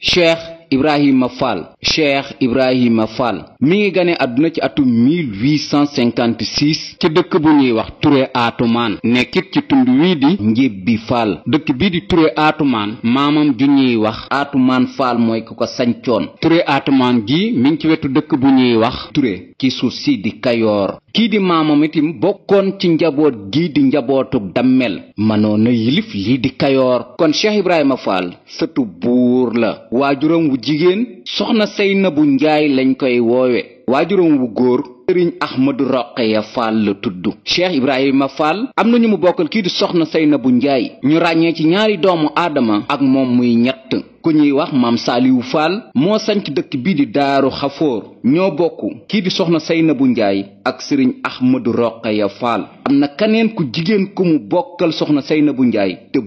Cheikh Ibrahima Fall cheikh ibrahima fall mi ngi gane àdduna ci atum 1856 ci dëkk bu ñuy wax ture aatumaan nekkit ci tund wii di njib bi fall dëkk bii di ture aatumaan maamam ju ñuy wax aatumaan fall mooy ku ko sañcoon ture atumaan gi mi ngi ci wetu dëkk bu ñuy wax ture ci suuf si di kayoor kii di maamam itam bokkoon ci njaboot gii di njabootuk dammel mënoon na yilif lii di kayoor kon cheikh ibrahima fall sëtu buur la waajuram wu jigéen soxna bu Ndiaye lañu koy woowe waajuram wu góor sëriñ Ahmadu Roqeya Fall la tudd Cheikh Ibrahima Fall am na ñu mu bokkal kii di soxna bu Njaay ñu ràññee ci ñaari doomu aadama ak moom muy ñett ku ñuy wax maam saaliwu faal moo sanc dëkk bi di daaru xafoor ño bokku ki di soxna saynabu njaay ak serigne ahmadu roqaya fall amna kanen ku jigen ku mu bokkal soxna saynabu njaay te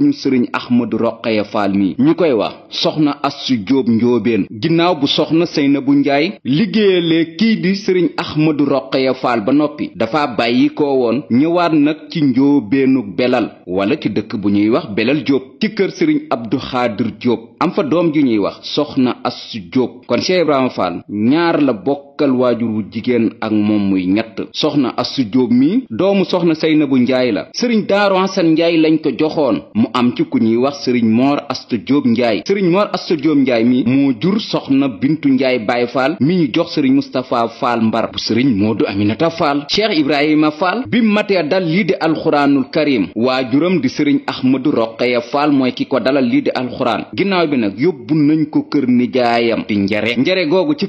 ñu serigne ahmadu roqaya fall mi ñukoy wax soxna assu job njóobeen ginaaw bu soxna saynabu njaay liggeele ki di serigne ahmadu roqaya fall ba nopi dafa bayyi ko won ñëwaat nak ci njóobeenu belal wala ci dëkk bu ñuy wax belal job, ci keur serigne abdou khadir Jóob am fa doom ju ñuy wax soxna Astu Jóob kon Cheikh Ibrahima ñaar la bokk bokkal waajur wu jigéen ak moom muy ñett soxna Astou Diop mi doomu soxna Seynabou Njaay la sëriñ Daaru Asan Njaay lañ ko joxoon mu am ci ku ñuy wax sëriñ Moor Astou Diop Njaay sëriñ Moor Astou Diop Njaay mi moo jur soxna Bintu Njaay Baay Faal mi ñu jox sëriñ Mustapha Faal Mbar bu sëriñ du Aminata Faal Cheikh Ibrahima Faal bi matee dal lii di alxuraanul karim waajuram di sëriñ Ahmadu Roqeya Faal mooy ki ko dalal lii di alxuraan ginnaaw bi nag yóbbu nañ ko kër nijaayam di njare njare googu ci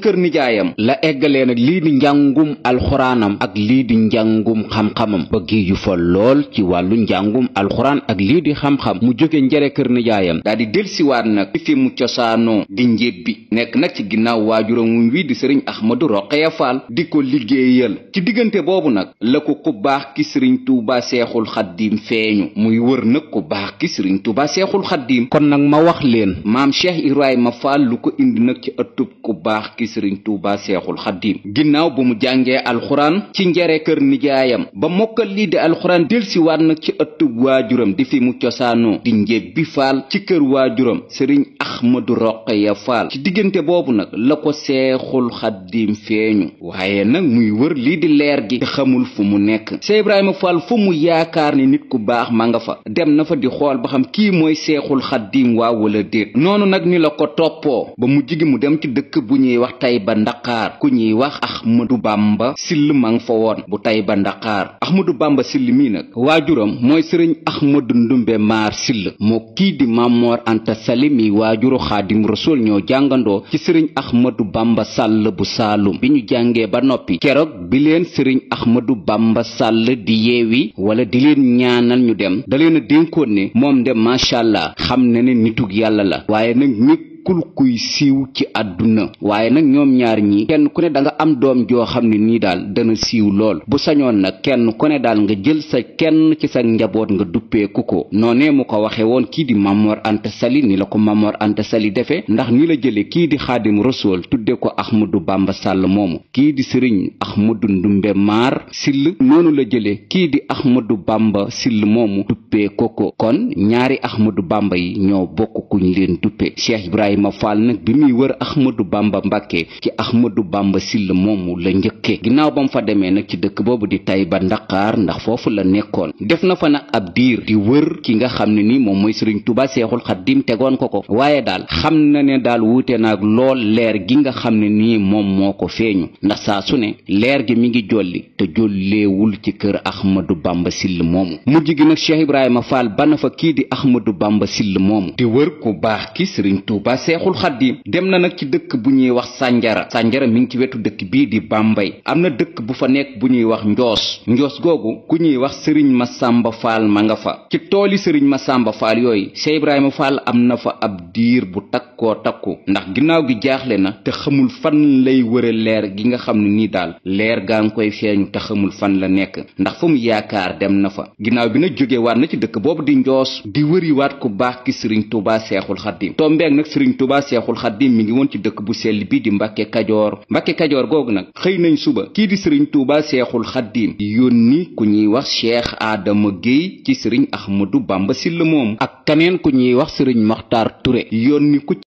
eggalee nag lii di njàngum alxuraanam ak lii di njàngum xam-xamam ba gi yu fa lool ci wàllu njàngum alxuraan ak lii di xam-xam mu jóge njare kër nijaayam daa di delsiwaat nag ci fi mu cosaanoo di njébbi nekk nag ci ginnaaw waajuram wuñ wii di sëriñ Ahmadu Roqaya Faal di ko liggéeyal ci diggante boobu nag la ko ku baax ki sëriñ Tuuba Seexul Xaddiim feeñu muy wër nag ko baax ki sëriñ Tuuba Seexul Xaddiim kon nag ma wax leen maam Cheikh Ibrahima Faal lu ko indi nag ci ëttub ku baax ki sëriñ Tuuba Seexul xaddim ginnaaw bu mu jàngee alxuraan ci njere kër nijaayam ba mokkal lii di alxuraan delsiwaat nag ci ëttub waajuram di fi mu cosaanoo di njébbi faal ci kër waajuram sëriñ axmadu roqaya faal ci diggante boobu nag la ko seexul xaddim feeñu waaye nag muy wër lii di leer gi te xamul fu mu nekk Cheikh Ibrahima Fall fu mu yaakaar ni nit ku baax ma nga fa dem na fa di xool ba xam kii mooy seexul xaddim waaw wala déet noonu nag ni la ko toppoo ba mu jigi mu dem ci dëkk bu ñuy wax ñuy wax Ahmadou Bamba Sill ma nga fa woon bu Tayba Ndakaar Ahmadou Bamba Sill mii nag waajuram mooy sëriñ Ahmadou Ndumbe Maar Sill moo kii di Mamor Anta Sali mi waajuru Xaadim Rasul ñoo jàngandoo ci sëriñ Ahmadou Bamba Sàll bu Saalum bi ñu jàngee ba noppi keroog bi leen sëriñ Ahmadou Bamba Sàll di yeewi wala di leen ñaanal ñu dem da leen a dénkoon ne moom de macha allah xam na ne nitug yàlla la waaye nag nit kul kuy siiw ci aduna waye nak ñom ñaar ñi kenn ku ne da nga am doom jo xamni ni dal daal dana siiw lool bu sañoon nak kenn ku ne dal nga jël sa kenn ci sa njaboot nga duppé kuko noné mu ko waxé won ki di mamor ante sali ni la ko mamor ante sali défé ndax ni la jëlé ki di khadim rasool tuddé ko ahmadu bamba sall mom ki di serigne ahmadu ndumbe mar sil nonu la jëlé ki di ahmadu bamba sil mom duppé koko, kon ñaari ahmadu bamba yi ñoo bokk kuñ leen duppé cheikh ibrahim Ibrahima Fall nag bi muy wër Ahmadou Bamba Mbàkke ci Ahmadou Bamba Sylla moomu la njëkke ginnaaw ba mu fa demee nag ci dëkk boobu di ba ndaxaar ndax foofu la nekkoon def na fa nag ab diir di wër ki nga xam ne ni moom mooy Sëriñ Tuubaa Seexul Xadiim tegoon ko ko waaye daal xam na ne daal wuute naag lool leer gi nga xam ne nii moom moo ko feeñu ndax saa su ne leer gi mi ngi jolli te jolleewul ci kër Ahmadou Bamba Sylla moomu mujj gi nag Cheikh Ibrahima Fall bana fa kii di Ahmadou Bamba Sylla moomu di wër ku baax ki Sëriñ Tuubaa seexul xaddim dem na nag ci dëkk bu ñuy wax sànjara sànjara mi ngi ci wetu dëkk bii di bàmbay am na dëkk bu fa nekk bu ñuy wax njoos njoos googu ku ñuy wax sëriñ ma sàmba Faal ma nga fa ci tooli sëriñ Masamba Faal yooyu Cheikh Ibrahima Faal am na fa ab diir bu takkoo takku ndax ginnaaw gi jaaxle na te xamul fan lay wëra leer gi nga xam ne nii daal leer gaa ngi koy feeñu te xamul fan la nekk ndax fa mu yaakaar dem na fa ginnaaw bi nag jógewaat na ci dëkk boobu di njoos di wëriwaat ku baax ki sëriñ Tuubaa Seexul sëriñ tubaa seexul xaddim mi ngi woon ci dëkk bu sell bi di mbàkke kajoor mbàkke kajoor googu nag xëy nañ suba kii di sëriñ tuubaa seexul xaddim yónni ku ñuy wax cheikh aadama géey ci sëriñ du bàmba silla moom ak kaneen ku ñuy wax sëriñ maxtaar ture yónni ku